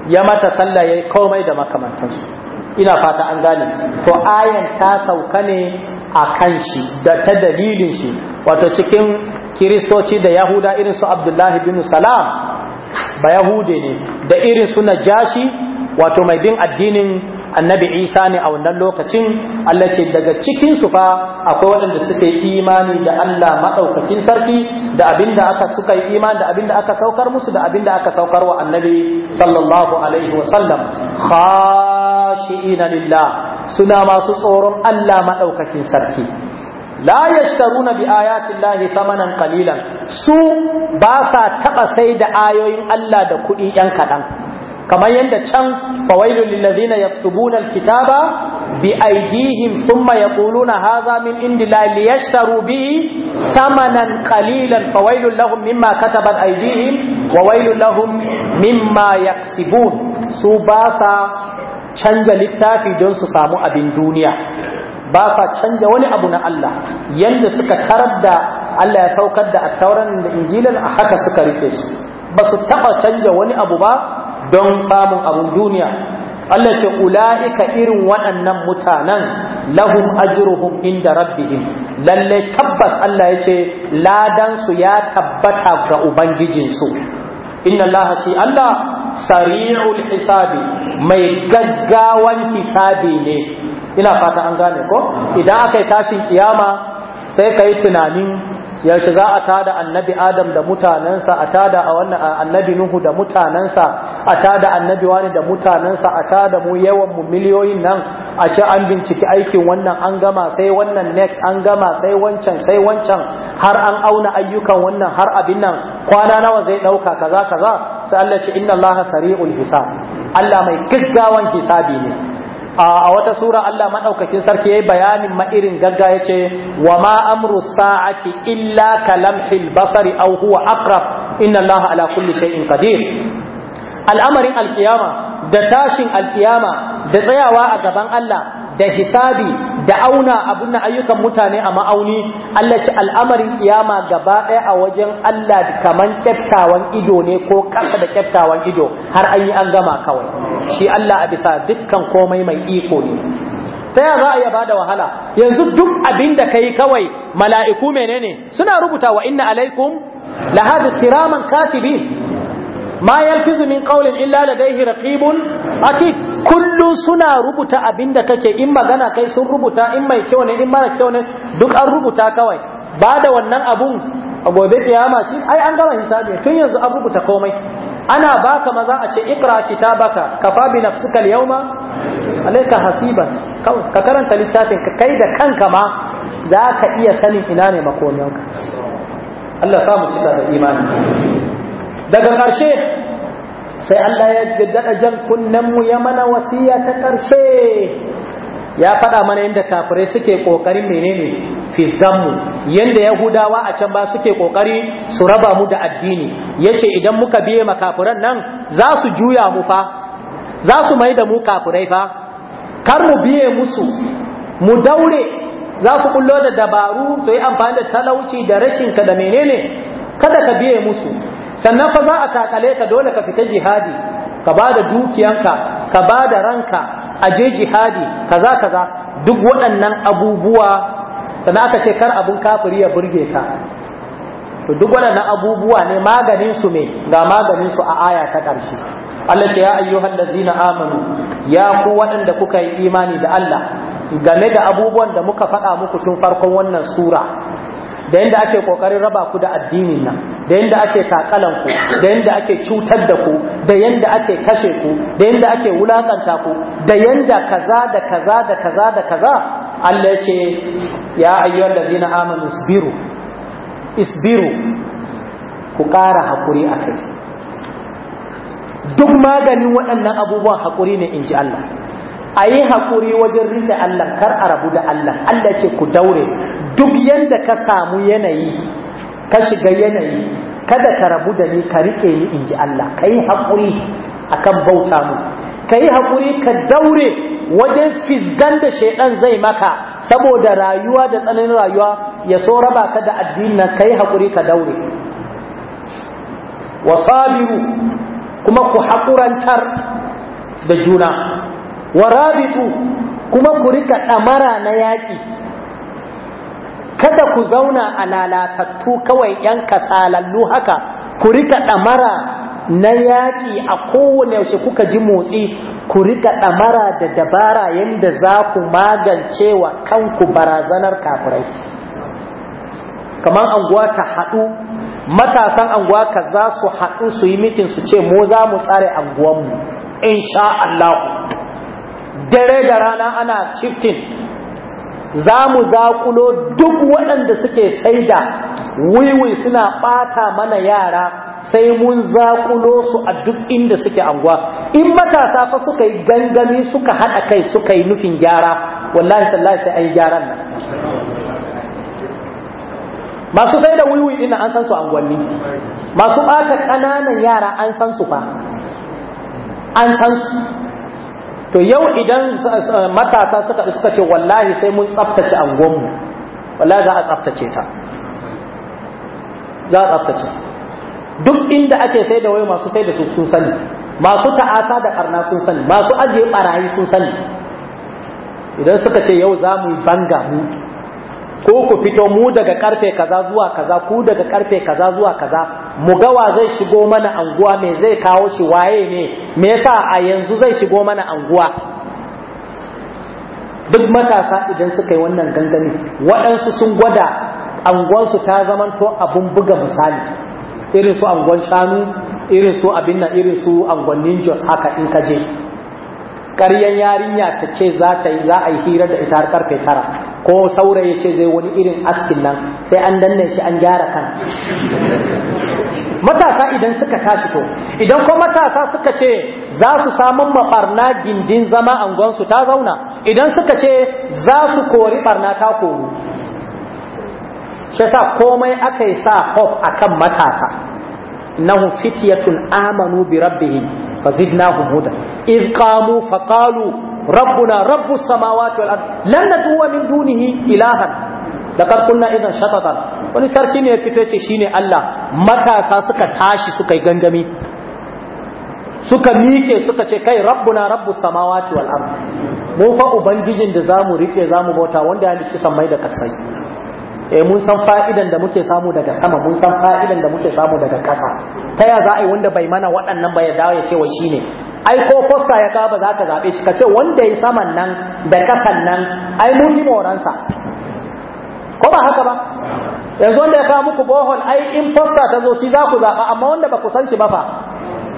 ya mata sallah ya komai da makamantansu ina fata an gane to ayan ta sauka ne a kan shi da ta dalilin shi wato cikin kiristoci da yahuda irin su abdullahi bin salam ba yahude ne da irin su najashi wato mai bin addinin annabi isa ne a wannan lokacin allah ce daga cikin su fa akwai waɗanda suke imani da allah maɗaukakin sarki da abinda aka suka yi imani da abinda aka saukar musu da abinda aka saukar wa annabi sallallahu alaihi sallam. khashi'ina lillah suna masu tsoron Allah madaukakin sarki la yashtaruna bi ayati llahi thamanan qalilan su ba sa taba sai da ayoyin Allah da kuɗi yan kadan kamar yadda can fawailul lillazina yaktubuna alkitaba bi aydihim thumma yaquluna hadha min indillahi liyashtaru bihi thamanan qalilan fawailul lahum mimma katabat aydihim wa wailul lahum mimma yaksibun su ba sa canja littafi don su samu abin duniya ba sa canja wani abu na Allah yanda suka tarar da Allah ya saukar da attauran da a haka suka rike su ba su taɓa canja wani abu ba don samun abin duniya Allah ce ula'ika irin waɗannan mutanen lahum ajruhum inda rabbihim lalle tabbas Allah ya ce ladan su ya tabbata ga ubangijinsu inna Allah shi Allah sari'ul hisabi mai gaggawan hisabi ne ina fata an gane ko idan aka yi tashin kiyama sai ka yi tunanin yaushe za a tada annabi adam da mutanensa a tada a wannan annabi nuhu da mutanensa a tada annabi wani da mutanensa a tada mu yawan mu miliyoyin nan a ce an binciki aikin wannan an gama sai wannan next an gama sai wancan sai wancan har an auna ayyukan wannan har abin nan kwana nawa zai ɗauka kaza kaza sai Allah ce inna Allah sari'ul hisab Allah mai gaggawan hisabi ne a wata sura Allah madaukakin sarki ya yi bayanin ma irin gagga ce wa ma amru sa'ati illa kalamhil basari au huwa aqrab inna Allah ala kulli shay'in qadir al'amarin alkiyama da tashin alkiyama da tsayawa a gaban Allah da hisabi da auna abin ayyukan mutane a ma'auni Allah ce al'amarin kiyama gaba ɗaya a wajen Allah kaman kyaftawan ido ne ko ƙasa da kyaftawan ido har an yi an gama kawai shi Allah a bisa dukkan komai mai iko ne ta yaya za a iya bada wahala yanzu duk abin da yi kawai mala'iku menene suna rubuta wa inna alaikum lahadu kiraman katibi ma yalfizu min qawlin illa ladayhi raqibun atid kullun suna rubuta abinda kake in magana kai sun rubuta in mai kyau ne in mara kyau ne duk an rubuta kawai ba da wannan abun gobe kiyama shi ai an gama hisabi tun yanzu an rubuta komai ana baka maza a ce ikra kitabaka kafa bi nafsika al alayka hasiban kawai ka karanta littafin ka kai da kanka ma za ka iya sanin ina ne makomanka Allah samu cika da imani daga ƙarshe sai Allah ya jaddada jan mu ya mana wasiya ta ƙarshe ya faɗa mana yadda kafirai suke ƙoƙarin menene fisganmu yadda yahudawa a can ba suke ƙoƙari su raba mu da addini ya ce idan muka biye makafiran nan za su juya mu fa za su mai da mu kafirai fa kar mu biye musu mu daure za su kullo da dabaru su yi amfani da talauci da rashinka da menene kada ka biye musu sannan fa za a takale ka dole ka fita jihadi ka ba da dukiyanka ka ba da ranka a je jihadi kaza kaza duk waɗannan abubuwa sannan aka ce kar abun kafiri ya burge ka to duk waɗannan abubuwa ne maganinsu su me ga maganin su a aya ta ƙarshe Allah ce ya ayyuhal zina amanu ya ku waɗanda kuka yi imani da Allah game da abubuwan da muka faɗa muku tun farkon wannan sura da yadda ake kokarin raba ku da addinin nan da yadda ake takalan ku da yadda ake cutar da ku da yadda ake kashe ku da yadda ake wulakanta ku da yadda kaza da kaza da kaza da kaza Allah ya ce ya ayyuhal ladina amanu isbiru isbiru ku ƙara hakuri akai duk maganin waɗannan abubuwan hakuri ne in ji Allah a yi haƙuri wajen rike Allah kar a rabu da Allah Allah ce ku daure duk yadda ka samu yanayi ka shiga yanayi kada ka rabu da ni ka riƙe ni in ji Allah ka yi haƙuri a kan bauta mu ka yi haƙuri ka daure wajen fizgan da shaidan zai maka saboda rayuwa da tsananin rayuwa ya so raba ka da addinin nan ka yi haƙuri ka daure wa sabiru kuma ku haƙurantar da juna wa rabitu kuma ku rika ɗamara na yaƙi kada ku zauna a lalatattu kawai ‘yan kasalallu haka ku rika ɗamara na yaƙi a kowane yaushe kuka ji motsi ku rika ɗamara da dabara yadda za ku magance wa kanku barazanar kafirai kamar anguwa ta haɗu matasan anguwa ka za su haɗu su yi mitin su ce mu za mu tsare anguwanmu in sha Allah dare da rana ana shifting za mu zaƙulo duk waɗanda suke saida wiwi suna ɓata mana yara sai mun zaƙulo su a duk inda suke anguwa in matasa fa suka yi gangami suka haɗa kai suka yi nufin gyara wallahi tallahi sai an yi gyaran nan masu sai da wiwi ɗin an san su anguwanni masu ɓata ƙananan yara an san su fa an san su to yau idan matasa suka suka ce wallahi sai mun tsaftace angonmu wallahi za a tsaftace ta za a tsaftace duk inda ake sai da wai masu sai da su sun sani masu ta'asa da karna sun sani masu ajiye barayi sun sani idan suka ce yau za mu banga mu ko ku fito mu daga karfe kaza zuwa kaza ku daga karfe kaza zuwa kaza mu gawa zai shigo mana anguwa me zai kawo shi waye ne me yasa a yanzu zai shigo mana anguwa duk matasa idan suka yi wannan gangami waɗansu sun gwada su ta zamanto abun buga misali irin su anguwan shanu irin su abin nan irin su anguwannin jos haka in ka je ƙaryan yarinya ta ce za ta yi za a yi hira da ita har karfe tara ko saurayi ce zai wani irin askin nan sai an danne shi an gyara kan matasa idan suka tashi to idan ko matasa suka ce za su samun maɓarna gindin zama angonsu ta zauna idan suka ce za su kori ɓarna ta koru shi sa komai aka yi sa hof kan matasa nahum fitiyatun amanu bi rabbihim fazidnahum huda iz qamu faqalu ربنا رب السماوات والأرض لن ندعو من ilahan da لقد قلنا idan شططا wani sarki ne ya fito ce shine Allah matasa suka tashi suka yi gangami suka mike suka ce kai rabbuna rabbus samawati wal ard mu fa ubangijin da zamu rike zamu bauta wanda ya liki mai da kasai eh mun san fa'idan da muke samu daga sama mun san fa'idan da muke samu daga kasa ta ya za a yi wanda bai mana waɗannan ba ya dawo ya ce wai shine ai ko fosta ya ka ba za ka zabe shi ka ce wanda ya saman nan da kasan nan ai mun yi moransa ko ba haka ba yanzu wanda ya kawo muku bohol ai in fosta ta zo shi za ku zaɓa amma wanda ba ku san shi ba fa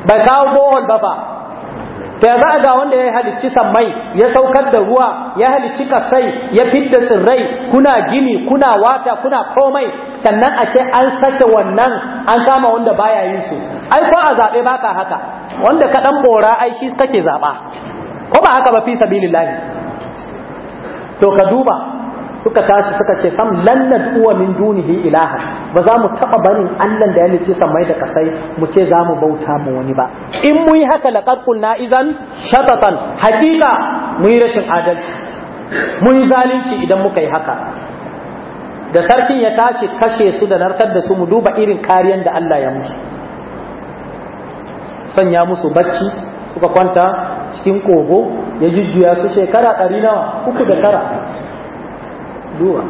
bai kawo bohol ba fa ta za a ga wanda ya halicci sammai ya saukar da ruwa ya halicci kasai ya fidda tsirrai kuna gini kuna wata kuna komai sannan a ce an sake wannan an kama wanda baya yin su ai ko a zaɓe ka haka wanda ka ɗan bora ai shi kake zaɓa ko ba haka ba fi sabilillahi to ka duba suka tashi suka ce sam lannat wa min dunihi ilaha ba za mu taɓa barin Allah da ya lice samai da kasai mu ce za mu bauta mu wani ba in mu yi haka laqad qulna idan shatatan hakika mu yi rashin adalci mu yi zalunci idan muka yi haka da sarkin ya tashi kashe su da narkar da su mu duba irin kariyan da Allah ya musu sanya musu bacci suka kwanta cikin kogo ya jujjuya su shekara ɗari nawa uku da tara duwa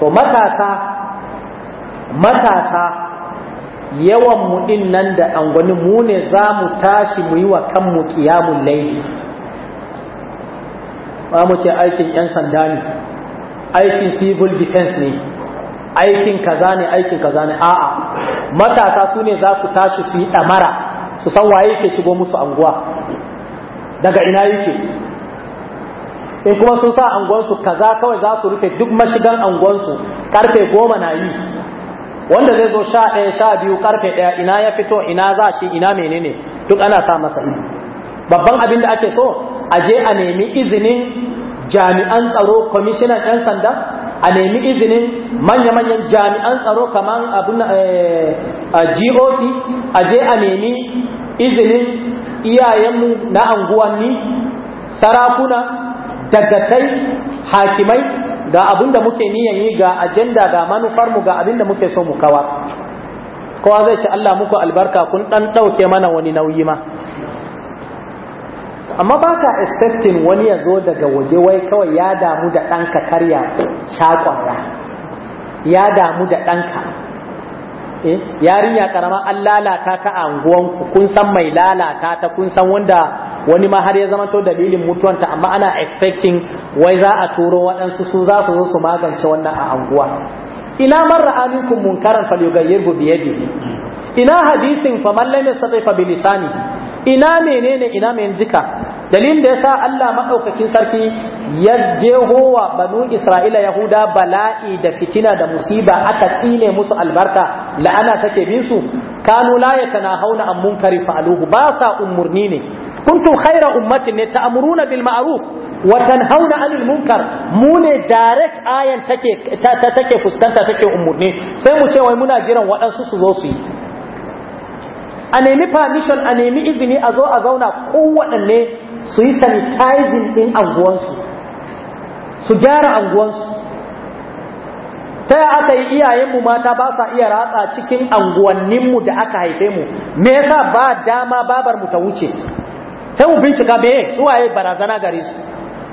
to matasa matasa yawan mu din nan da angwani mu ne za mu tashi mu yi wa kanmu kiyamun laili ba mu ce aikin 'yan sanda ne aikin civil defense ne aikin kaza ne aikin kaza ne a'a matasa su ne za su tashi su yi ɗamara su san waye ke shigo musu anguwa daga ina yake in kuma sun sa angonsu kaza kawai za su rufe duk mashigan angonsu karfe goma na yi wanda zai zo sha ɗaya sha biyu karfe ɗaya ina ya fito ina za shi ina menene duk ana sa masa ido babban abin da ake so a je a nemi izinin jami'an tsaro kwamishinan 'yan sanda a nemi izinin manya-manyan jami'an tsaro kamar abin eh, a goc a je a nemi izinin iyayenmu na anguwanni sarakuna dagatai hakimai ga abin da muke niyan yi ga ajenda ga manufarmu ga abin da muke so mu kawa kowa zai ce Allah muku albarka kun dan ɗauke mana wani nauyi ma amma ba ka expecting wani ya zo daga waje wai kawai ya damu da ɗanka karya shaƙon ya damu da ɗanka Eh, yarinya karama an lalata ta a anguwanku kun san mai lalata ta kun san wanda wani ma har ya zama to dalilin mutuwanta amma ana expecting wai za a turo waɗansu su za su zo su magance wannan a anguwa ina marra aminkum munkaran falyughayyirhu bi yadihi ina hadisin fa lam yastati fa bi lisani ina menene ina men jika dalilin da yasa Allah madaukakin sarki ya jehowa banu Isra'ila Yahuda bala'i da fitina da musiba aka tsine musu albarka la'ana take bin su kanu la yatanahawna an munkari fa'aluhu ba sa umurni ne kuntum khayra ummatin ne ta'muruna bil ma'ruf wa tanhauna 'anil munkar mu ne direct ayan take ta take fuskanta take umurni sai mu ce wai muna jiran waɗansu su zo su yi a nemi permission a nemi izini a zo a zauna kowaɗanne su yi sanitizing ɗin anguwansu su gyara anguwansu ta yi aka yi iyayenmu mata ba sa iya ratsa cikin anguwanninmu da aka haife mu me yasa ba dama babarmu ta wuce sai mu bincika me yi barazana gare su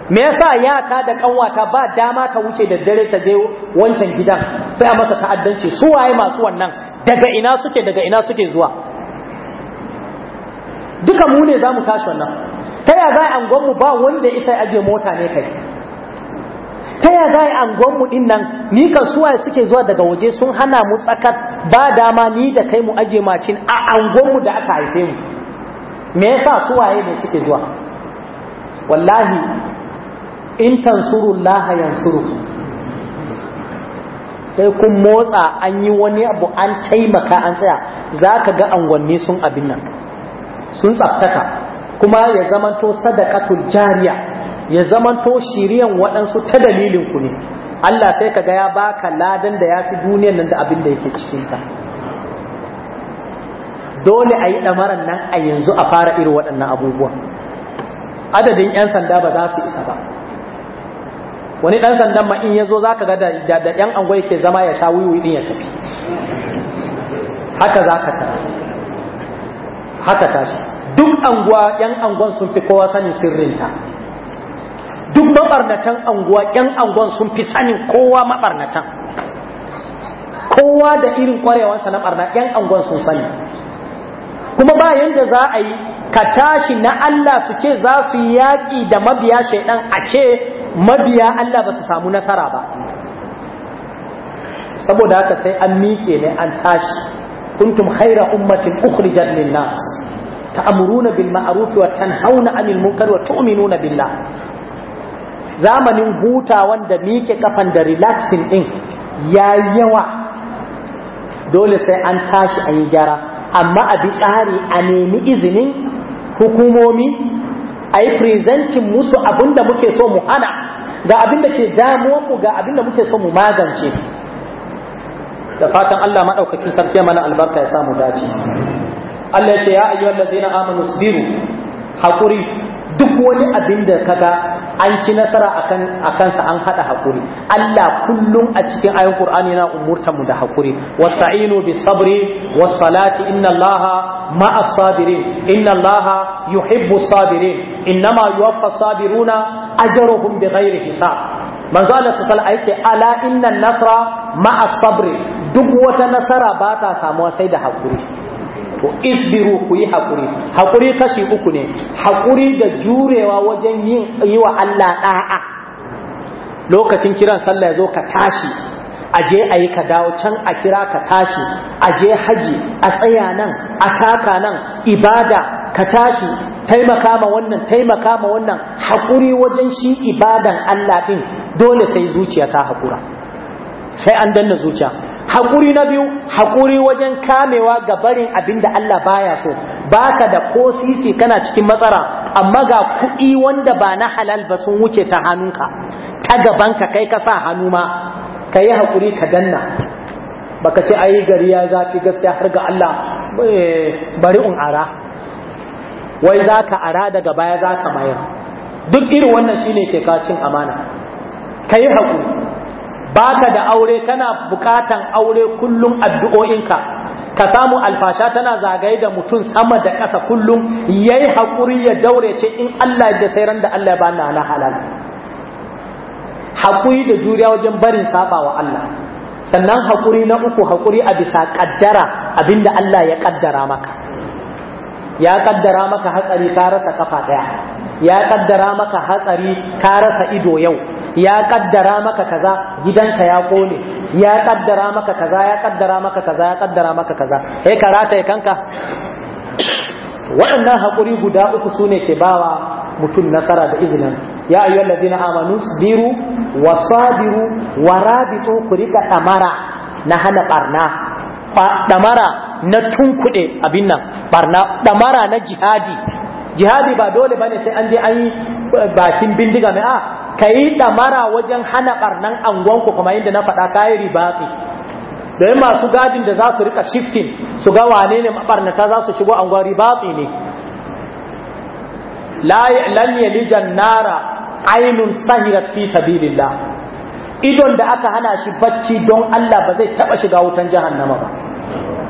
me yasa yata da kanwata ba dama ta wuce da dare ta je wancan gidan sai a masa ta'addanci waye masu wannan daga ina suke daga ina suke zuwa duka mu ne za mu tashi wannan ta ya za a angonmu ba wanda isa ya aje mota ne kai ta ya za a angonmu din nan ni kan suwaye suke zuwa daga waje sun hana mu tsakar ba dama ni da kai mu aje macin a angonmu da aka haife mu me yasa suwaye ne suke zuwa wallahi in laha yansuru sai kun motsa an yi wani abu an taimaka an tsaya za ka ga angwanni sun abin nan sun tsaftaka kuma ya zamanto sadaqatul jariya ya zamanto shiriyan waɗansu ta dalilin ku ne Allah sai kaga ya baka ladan da yafi fi duniyan nan da abin da yake cikin ta dole ayi damaran nan a yanzu a fara irin waɗannan abubuwa adadin 'yan sanda ba za su isa ba wani ɗan sandan ma in yazo zaka ga da yan angwai ke zama ya sha wuyu din ya tafi haka za ka tara haka tashi duk anguwa yan anguwan sun fi kowa sanin sirrinta duk mabarnatan anguwa yan anguwan sun fi sanin kowa mabarnatan kowa da irin kwarewansa na barna yan anguwan sun sani kuma ba yanda za a yi ka tashi na Allah su ce za su yi yaƙi da mabiya shaidan a ce mabiya Allah ba su samu nasara ba saboda haka sai an miƙe ne an tashi kuntum khaira ummatin ukhrijat lin nas ta'muruna bil ma'ruf wa tanhauna 'anil munkar wa tu'minuna billah zamanin huta wanda mike kafan da relaxing din ya yawa dole sai an tashi a yi gyara amma a bi tsari a nemi izinin hukumomi a yi presentin musu abinda muke so mu hana ga abinda ke damuwanmu ga abinda muke so mu magance da fatan Allah maɗaukakin sarki mana albarka ya samu dace Allah ya ce ya ayyuhal ladina amanu sabiru hakuri duk wani abin da kaga an ci nasara akan akansa an hada hakuri Allah kullum a cikin ayin Qur'ani yana umurta mu da hakuri wasta'inu bis sabri was salati inna Allaha ma'a sabirin inna Allaha yuhibbus sabirin innama yuwaffa sabiruna ajruhum bighairi hisab manzo Allah sallallahu alaihi ce ala inna nasra ma'a sabri duk wata nasara ba ta samuwa sai da hakuri ku isbiru ku yi haƙuri Hakuri kashi uku ne haƙuri da jurewa wajen yin yi wa Allah ɗa'a lokacin kiran sallah yazo ka tashi aje a yi ka dawo can a kira ka tashi a je haji a tsaya nan a saka nan ibada ka tashi taimaka ma wannan taimaka ma wannan haƙuri wajen shi ibadan Allah ɗin dole sai zuciya ta hakura sai an danna zuciya haƙuri na biyu haƙuri wajen kamewa ga barin abinda Allah baya so baka da ko sisi kana cikin matsara amma ga kuɗi wanda ba na halal ba sun wuce ta hannunka ta gabanka kai ka sa hannu ma ka yi haƙuri ka danna baka ce ayi gari ya zafi gaskiya har ga Allah eh, bari un ara wai za ka ara daga baya za ka mayar duk irin wannan shine ke kacin amana ka yi haƙuri baka da aure kana bukatan aure kullum addu'o'inka ka samu alfasha tana zagaye da mutum sama da ƙasa kullum yayi hakuri ya daure ce in Allah ya sai ran da Allah ya bani na halal hakuri da juriya wajen barin sabawa Allah sannan hakuri na uku hakuri a bisa kaddara abinda Allah ya kaddara maka ya kaddara maka hatsari ka rasa kafa daya ya kaddara maka hatsari ka rasa ido yau ya kaddara maka kaza gidanka ya kone ya kaddara maka kaza ya kaddara maka kaza ya kaddara maka kaza eh karata kanka waɗannan haƙuri guda uku sune ke bawa mutum nasara da izinin ya ayyu allazina amanu biru wa sabiru wa rabitu ku rika na hana barna damara na tunkuɗe abin nan barna damara na jihadi jihadi ba dole bane sai an je an yi bakin bindiga mai a ah, ka yi ɗamara wajen hana ɓarnan angonku kuma inda na faɗa ka yi da masu gadin da za su rika shifting su ga wane ne maɓarnata za su shigo angon ribatsi ne lan yalijan nara ainun sahirat fi sabilillah idon da aka hana shi bacci don Allah ba zai taɓa shiga wutan jahannama ba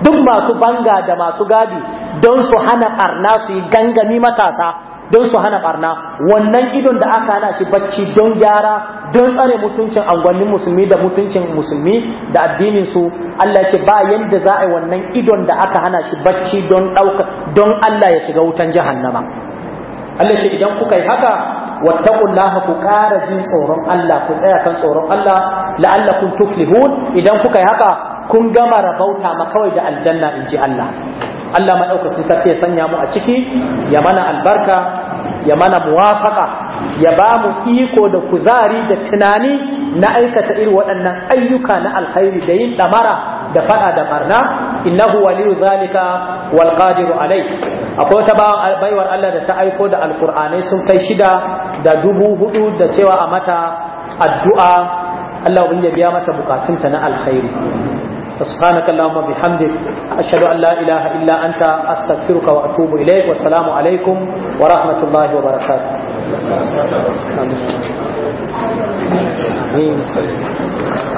duk masu banga da masu gadi don su hana ɓarna su yi gangami matasa don su hana barna wannan idon da aka hana shi bacci don gyara don tsare mutuncin angwannin musulmi da mutuncin musulmi da addinin su Allah ya ce ba yanda za a yi wannan idon da aka hana shi bacci don dauka don Allah ya shiga wutan jahannama Allah ce idan kuka yi haka wattaqullaha ku ƙara jin tsoron Allah ku tsaya kan tsoron Allah la'allakum tuflihun idan kuka yi haka kun gama rabauta ma kawai da aljanna in ji Allah Allah maɗaukakin sarki ya sanya mu a ciki ya mana albarka ya mana muwafaka ya ba mu iko da kuzari da tunani na aikata irin waɗannan ayyuka na alkhairi da yin ɗamara da faɗa da barna innahu waliyu zalika wal qadiru alai akwai wata baiwar Allah da ta aiko da alkur'anai sun kai shida da dubu hudu da cewa a mata addu'a Allah ya biya mata bukatunta na alkhairi سبحانك اللهم بحمدك أشهد أن لا إله إلا أنت أستغفرك وأتوب إليك والسلام عليكم ورحمة الله وبركاته